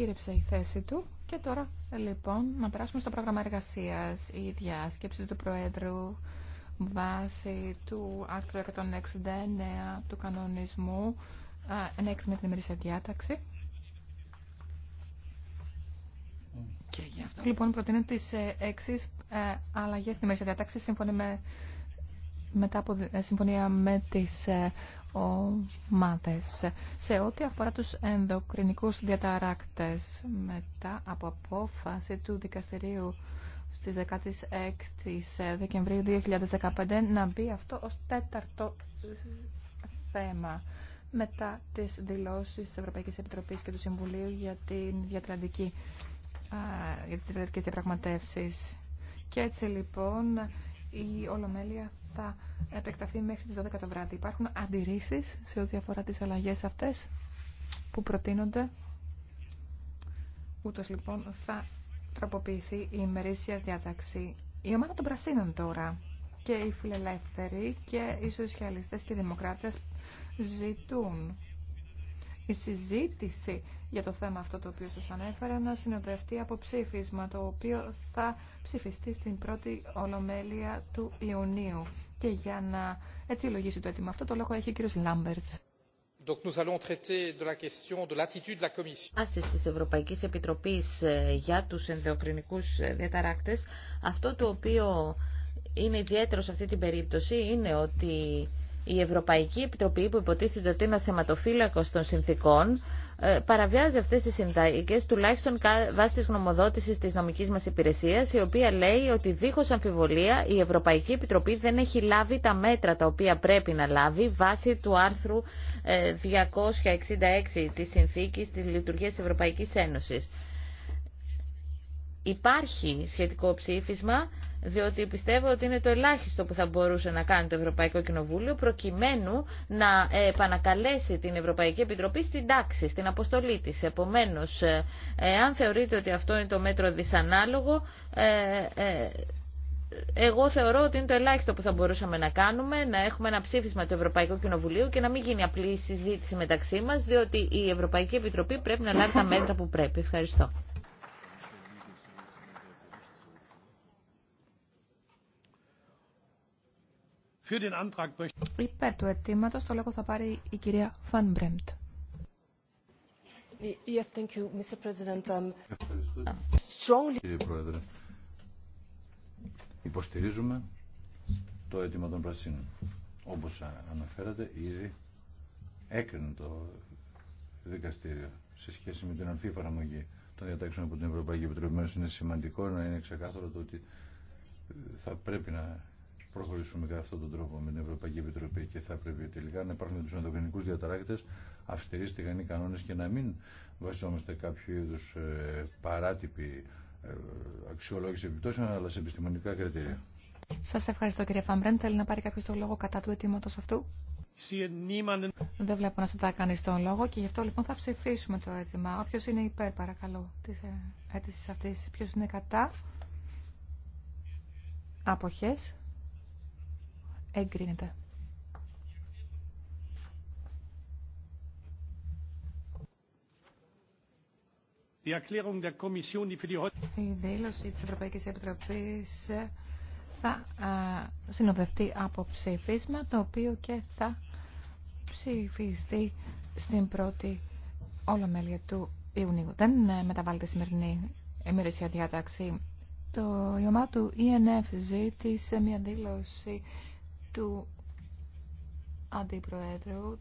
Χείρεψε η θέση του και τώρα λοιπόν να περάσουμε στο πρόγραμμα εργασίας. Η διάσκεψη του Προέδρου βάσει του άρθρου 169 του κανονισμού ενέκρινε την ημερήσια διάταξη. Mm. Και γι' αυτό λοιπόν προτείνω τις ε, εξής ε, αλλαγές στην ημερήσια διάταξη σύμφωνα με μετά από ε, συμφωνία με τις ε, ομάδες. Σε ό,τι αφορά τους ενδοκρινικούς διαταράκτες, μετά από απόφαση του δικαστηρίου στις 16 ε, Δεκεμβρίου 2015, να μπει αυτό ως τέταρτο θέμα μετά τις δηλώσεις της Ευρωπαϊκής Επιτροπής και του Συμβουλίου για την διατραντική για τις διαπραγματεύσεις. Και έτσι λοιπόν η Ολομέλεια θα επεκταθεί μέχρι τις 12 το βράδυ. Υπάρχουν αντιρρήσεις σε ό,τι αφορά τις αλλαγές αυτές που προτείνονται. Ούτως λοιπόν θα τροποποιηθεί η ημερήσια διάταξη. Η ομάδα των Πρασίνων τώρα και οι φιλελεύθεροι και οι σοσιαλιστές και οι δημοκράτες ζητούν η συζήτηση για το θέμα αυτό το οποίο σας ανέφερα να συνοδευτεί από ψήφισμα το οποίο θα ψηφιστεί στην πρώτη ολομέλεια του Ιουνίου. Και για να ετυλογήσει το έτοιμο αυτό το λόγο έχει ο κύριος Λάμπερτς. Άση της Ευρωπαϊκής Επιτροπής ε, για τους ενδοκρινικούς ε, διαταράκτες, αυτό το οποίο είναι ιδιαίτερο σε αυτή την περίπτωση είναι ότι η Ευρωπαϊκή Επιτροπή που υποτίθεται ότι είναι ο θεματοφύλακος των συνθήκων ε, παραβιάζει αυτές τις συνταγές τουλάχιστον βάσει της γνωμοδότησης της νομικής μας υπηρεσίας η οποία λέει ότι δίχως αμφιβολία η Ευρωπαϊκή Επιτροπή δεν έχει λάβει τα μέτρα τα οποία πρέπει να λάβει βάσει του άρθρου 266 ε, της συνθήκης της λειτουργίας της Ευρωπαϊκής Ένωσης. Υπάρχει σχετικό ψήφισμα διότι πιστεύω ότι είναι το ελάχιστο που θα μπορούσε να κάνει το Ευρωπαϊκό Κοινοβούλιο προκειμένου να επανακαλέσει την Ευρωπαϊκή Επιτροπή στην τάξη, στην αποστολή της. Επομένως, ε, ε, αν θεωρείτε ότι αυτό είναι το μέτρο δυσανάλογο, ε, εγώ θεωρώ ότι είναι το ελάχιστο που θα μπορούσαμε να κάνουμε, να έχουμε ένα ψήφισμα του Ευρωπαϊκού Κοινοβουλίου και να μην γίνει απλή συζήτηση μεταξύ μας, διότι η Ευρωπαϊκή Επιτροπή πρέπει να λάβει τα μέτρα που πρέπει. Ευχαριστώ. Υπέρ του αιτήματο το λόγο θα πάρει η κυρία Φαν Μπρέμπτ. Yes, thank um, Κύριε Πρόεδρε, υποστηρίζουμε το αίτημα των Πρασίνων. Όπως αναφέρατε, ήδη έκρινε το δικαστήριο σε σχέση με την αμφή Το των διατάξεων από την Ευρωπαϊκή Επιτροπή. είναι σημαντικό να είναι ξεκάθαρο το ότι θα πρέπει να προχωρήσουμε κατά αυτόν τον τρόπο με την Ευρωπαϊκή Επιτροπή και θα πρέπει τελικά να υπάρχουν του ενδοκρινικού διαταράκτε αυστηροί στεγανοί κανόνε και να μην βασιζόμαστε κάποιο είδου ε, παράτυπη ε, αξιολόγηση επιπτώσεων αλλά σε επιστημονικά κριτήρια. Σα ευχαριστώ κύριε Φαμπρέν. Θέλει να πάρει κάποιο το λόγο κατά του αιτήματο αυτού. Δεν βλέπω να ζητά κανεί τον λόγο και γι' αυτό λοιπόν θα ψηφίσουμε το αίτημα. Όποιο είναι υπέρ, παρακαλώ, τη ε, αίτηση αυτή. Ποιο είναι κατά. Αποχές. Εγκρίνεται. Η δήλωση της Ευρωπαϊκής Επιτροπής θα συνοδευτεί από ψήφισμα το οποίο και θα ψηφιστεί στην πρώτη ολομέλεια του Ιουνίου. Δεν ε, μεταβάλλεται η σημερινή ημερήσια διάταξη. Το ιωμά του ΕΝΕΦ ζήτησε μια δήλωση του Αντιπροέδρου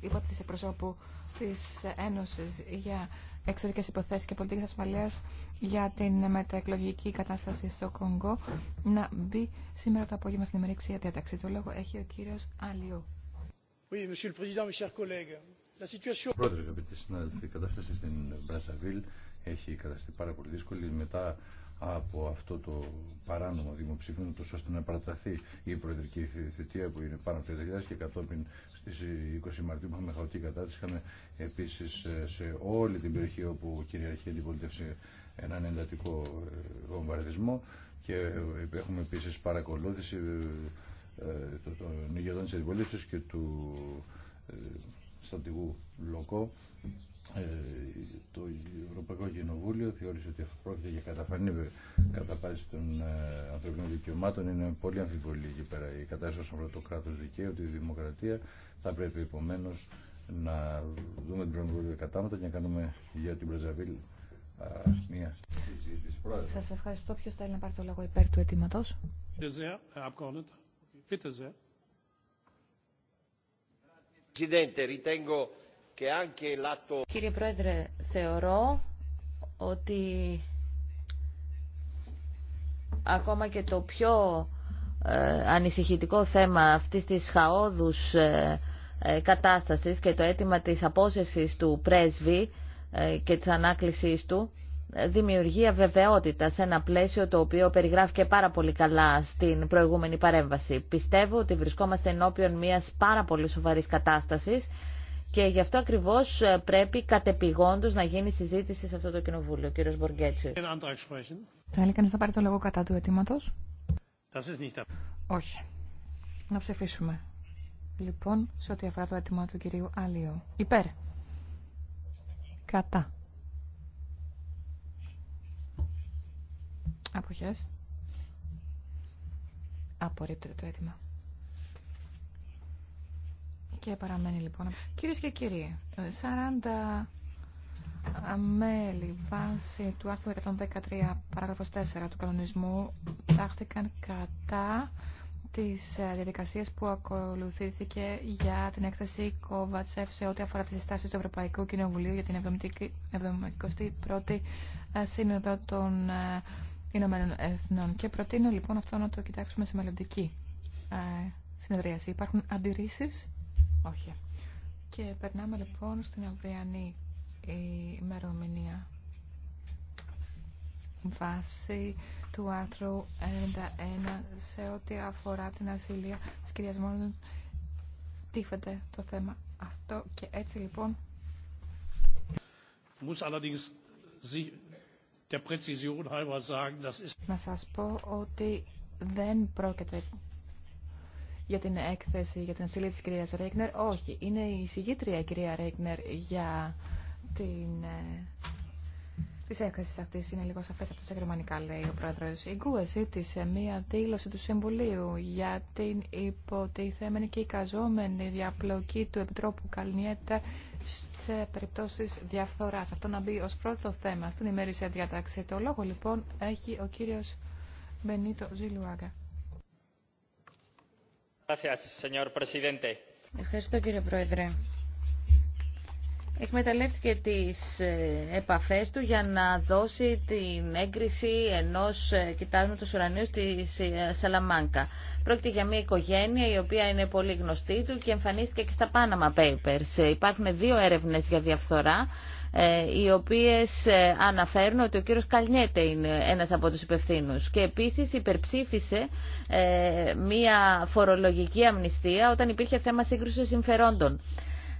είπα της εκπροσώπου της Ένωσης για εξωτερικές υποθέσεις και πολιτικής ασφαλείας για την μεταεκλογική κατάσταση στο Κονγκό να μπει σήμερα το απόγευμα στην ημερήξια διάταξη. Το λόγο έχει ο κύριος Αλιού. Πρόεδρε, αγαπητοί συνάδελφοι, η κατάσταση στην Μπραζαβίλ έχει καταστεί πάρα πολύ δύσκολη μετά από αυτό το παράνομο δημοψήφισμα, τόσο ώστε να παραταθεί η προεδρική θητεία που είναι πάνω από 3.000 και κατόπιν στις 20 Μαρτίου που είχαμε χαοτή κατάσταση. Είχαμε επίσης ε, σε όλη την περιοχή όπου κυριαρχεί η αντιπολίτευση έναν εντατικό ε, βομβαρδισμό και ε, έχουμε επίσης παρακολούθηση των ηγετών τη αντιπολίτευση και του στρατηγού Λοκό, ε, το Ευρωπαϊκό Κοινοβούλιο θεώρησε ότι πρόκειται για καταφανή καταπάτηση των ε, ανθρωπίνων δικαιωμάτων. Είναι πολύ αμφιβολή εκεί πέρα η κατάσταση αφορά το κράτο δικαίου, τη δημοκρατία. Θα πρέπει επομένω να δούμε την πραγματικότητα κατάματα και να κάνουμε για την Πρεζαβίλ μία συζήτηση. Σα ευχαριστώ. Ποιο θέλει να πάρει το λόγο υπέρ του αιτήματο. Κύριε Πρόεδρε, θεωρώ ότι ακόμα και το πιο ε, ανησυχητικό θέμα αυτής της χαόδους ε, ε, κατάστασης και το αίτημα της απόσυρσης του πρέσβη και της ανάκλησής του δημιουργία βεβαιότητα σε ένα πλαίσιο το οποίο περιγράφηκε πάρα πολύ καλά στην προηγούμενη παρέμβαση. Πιστεύω ότι βρισκόμαστε ενώπιον μιας πάρα πολύ σοβαρής κατάστασης και γι' αυτό ακριβώς ε, πρέπει κατεπηγόντως να γίνει συζήτηση σε αυτό το κοινοβούλιο. Κύριος Μποργέτσι. Θέλει κανείς να πάρει το λόγο κατά του αιτήματο. Όχι. Να ψηφίσουμε. Λοιπόν, σε ό,τι αφορά το αίτημα του κυρίου Άλιο. Υπέρ. Κατά. Αποχές. Απορρίπτεται το αίτημα. Και παραμένει λοιπόν. Κυρίες και κύριοι, 40 μέλη βάση του άρθρου 113 παράγραφος 4 του κανονισμού τάχθηκαν κατά τι ε, διαδικασίε που ακολουθήθηκε για την έκθεση Κόβατσεφ σε ό,τι αφορά τι συστάσεις του Ευρωπαϊκού Κοινοβουλίου για την 71η ε, Σύνοδο των ε, Ηνωμένων Εθνών. Και προτείνω λοιπόν αυτό να το κοιτάξουμε σε μελλοντική ε, συνεδρίαση. Υπάρχουν αντιρρήσει. Όχι. Και περνάμε λοιπόν στην αυριανή ημερομηνία βάση του άρθρου 91 σε ό,τι αφορά την ασυλία της κυρίας τίφεται το θέμα αυτό και έτσι λοιπόν να σας πω ότι δεν πρόκειται για την έκθεση, για την στήλη της κυρίας Ρέγνερ. Όχι, είναι η συγγήτρια η κυρία Ρέγνερ για την... Ε, Τη έκθεση αυτή είναι λίγο σαφέ αυτό τα γερμανικά, λέει ο πρόεδρο. Η Γκουε ζήτησε μία δήλωση του Συμβουλίου για την υποτιθέμενη και εικαζόμενη διαπλοκή του Επιτρόπου Καλνιέτα σε περιπτώσεις διαφθοράς. Αυτό να μπει ως πρώτο θέμα στην ημερήσια διάταξη. Το λόγο λοιπόν έχει ο κύριος Μπενίτο Ζιλουάγκα. Ευχαριστώ κύριε Πρόεδρε εκμεταλλεύτηκε τις ε, επαφές του για να δώσει την έγκριση ενός ε, κοιτάσματος ουρανίου στη ε, Σαλαμάνκα. Πρόκειται για μια οικογένεια η οποία είναι πολύ γνωστή του και εμφανίστηκε και στα Panama Papers. Υπάρχουν δύο έρευνες για διαφθορά οι οποίες αναφέρουν ότι ο κύριος Καλνιέτε είναι ένας από τους υπευθύνους και επίσης υπερψήφισε μία φορολογική αμνηστία όταν υπήρχε θέμα σύγκρουσης συμφερόντων.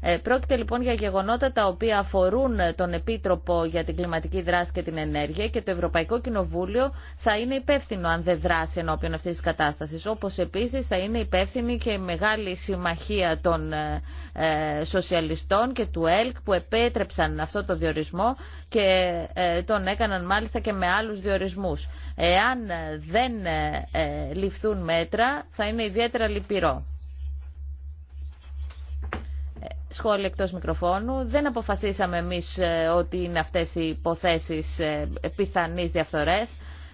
Ε, πρόκειται λοιπόν για γεγονότα τα οποία αφορούν τον Επίτροπο για την Κλιματική Δράση και την Ενέργεια και το Ευρωπαϊκό Κοινοβούλιο θα είναι υπεύθυνο αν δεν δράσει ενώπιον αυτή τη κατάσταση. Όπω επίση θα είναι υπεύθυνη και η μεγάλη συμμαχία των ε, ε, σοσιαλιστών και του ΕΛΚ που επέτρεψαν αυτό το διορισμό και τον έκαναν μάλιστα και με άλλου διορισμούς. Εάν δεν ληφθούν μέτρα θα είναι ιδιαίτερα λυπηρό σχόλια εκτός μικροφώνου. Δεν αποφασίσαμε εμείς ε, ότι είναι αυτές οι υποθέσεις ε, πιθανής διαφθορές.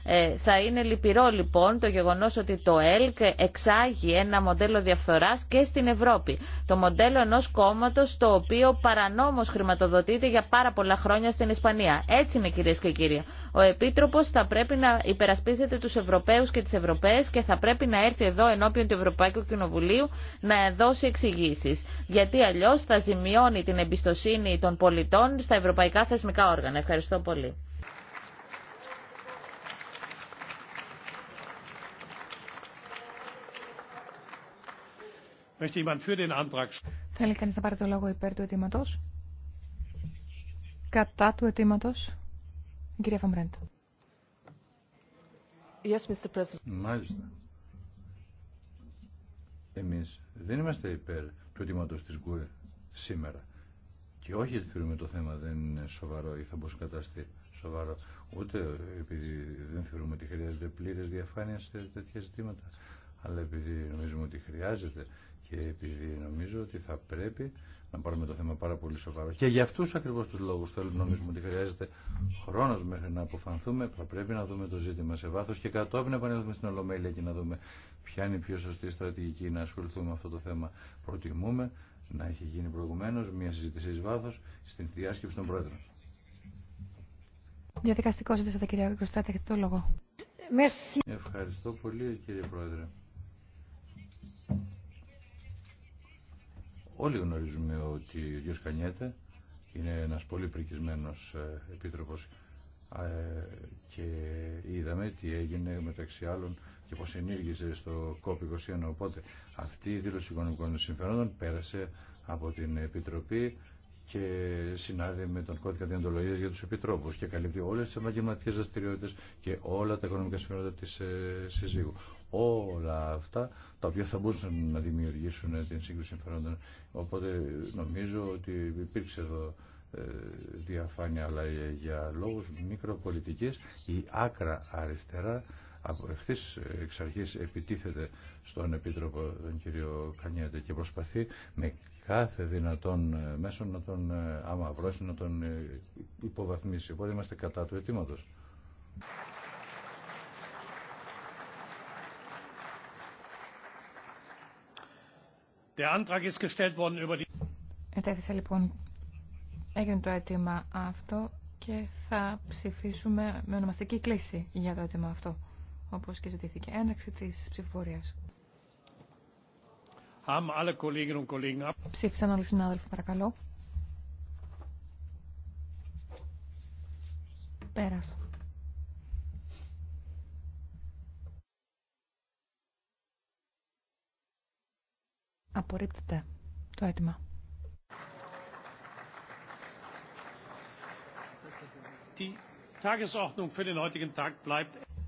Ε, θα είναι λυπηρό λοιπόν το γεγονός ότι το ΕΛΚ εξάγει ένα μοντέλο διαφθοράς και στην Ευρώπη. Το μοντέλο ενός κόμματος το οποίο παρανόμως χρηματοδοτείται για πάρα πολλά χρόνια στην Ισπανία. Έτσι είναι κυρίες και κύριοι. Ο Επίτροπος θα πρέπει να υπερασπίζεται τους Ευρωπαίους και τις Ευρωπαίες και θα πρέπει να έρθει εδώ ενώπιον του Ευρωπαϊκού Κοινοβουλίου να δώσει εξηγήσει. Γιατί αλλιώς θα ζημιώνει την εμπιστοσύνη των πολιτών στα ευρωπαϊκά θεσμικά όργανα. Ευχαριστώ πολύ. Θέλει κανείς να πάρει το λόγο υπέρ του αιτήματο. Κατά του αιτήματο. Κυρία Φαμπρέντ. Yes, Μάλιστα. Εμείς δεν είμαστε υπέρ του αιτήματο της ΓΚΟΕ σήμερα. Και όχι γιατί θεωρούμε το θέμα δεν είναι σοβαρό ή θα μπορούσε να καταστεί σοβαρό. Ούτε επειδή δεν θεωρούμε ότι χρειάζεται πλήρες διαφάνεια σε τέτοια ζητήματα αλλά επειδή νομίζουμε ότι χρειάζεται και επειδή νομίζω ότι θα πρέπει να πάρουμε το θέμα πάρα πολύ σοβαρό. Και για αυτού ακριβώ του λόγου θέλουμε νομίζουμε ότι χρειάζεται χρόνο μέχρι να αποφανθούμε. Θα πρέπει να δούμε το ζήτημα σε βάθο και κατόπιν να επανέλθουμε στην Ολομέλεια και να δούμε ποια είναι η πιο σωστή στρατηγική να ασχοληθούμε με αυτό το θέμα. Προτιμούμε να έχει γίνει προηγουμένω μια συζήτηση ει βάθο στην διάσκεψη των Πρόεδρων. Διαδικαστικό ζήτησα, το λόγο. Ευχαριστώ πολύ, κύριε Πρόεδρε. Όλοι γνωρίζουμε ότι ο Διος Κανιέτε είναι ένας πολύ πρικισμένος ε, επίτροπος ε, και είδαμε τι έγινε μεταξύ άλλων και πώς ενήργησε στο COP21. Οπότε αυτή η δήλωση οικονομικών συμφερόντων πέρασε από την Επιτροπή και συνάδει με τον κώδικα διοντολογίας για τους επιτρόπους και καλύπτει όλες τις επαγγελματικές δραστηριότητε και όλα τα οικονομικά συμφέροντα της ε, συζύγου όλα αυτά τα οποία θα μπορούσαν να δημιουργήσουν την σύγκριση συμφερόντων. Οπότε νομίζω ότι υπήρξε εδώ ε, διαφάνεια αλλά για λόγους μικροπολιτικής η άκρα αριστερά από ευθύς εξ αρχής επιτίθεται στον Επίτροπο τον κύριο Κανιέτε και προσπαθεί με κάθε δυνατόν ε, μέσο να τον αμαυρώσει, ε, να τον υποβαθμίσει. Οπότε είμαστε κατά του αιτήματος. Ετέθησε, λοιπόν, έγινε το αίτημα αυτό και θα ψηφίσουμε με ονομαστική κλίση για το αίτημα αυτό, όπως και ζητήθηκε. Έναξη της ψηφοφορίας. Ψήφισαν όλοι οι συνάδελφοι, παρακαλώ. Απορρίπτεται το αίτημα.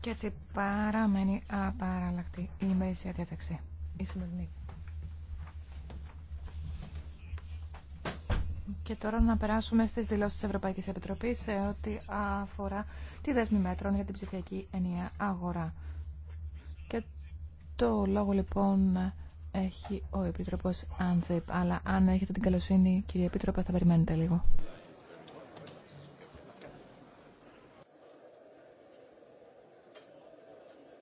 Και έτσι παραμένει απαραλλακτή η ημερήσια διάταξη. Και τώρα να περάσουμε στις δηλώσεις της Ευρωπαϊκής Επιτροπής σε ό,τι αφορά τη δέσμη μέτρων για την ψηφιακή ενιαία αγορά. Και το λόγο λοιπόν έχει ο Επίτροπος Άνζεπ. Αλλά αν έχετε την καλοσύνη, κύριε Επίτροπε, θα περιμένετε λίγο.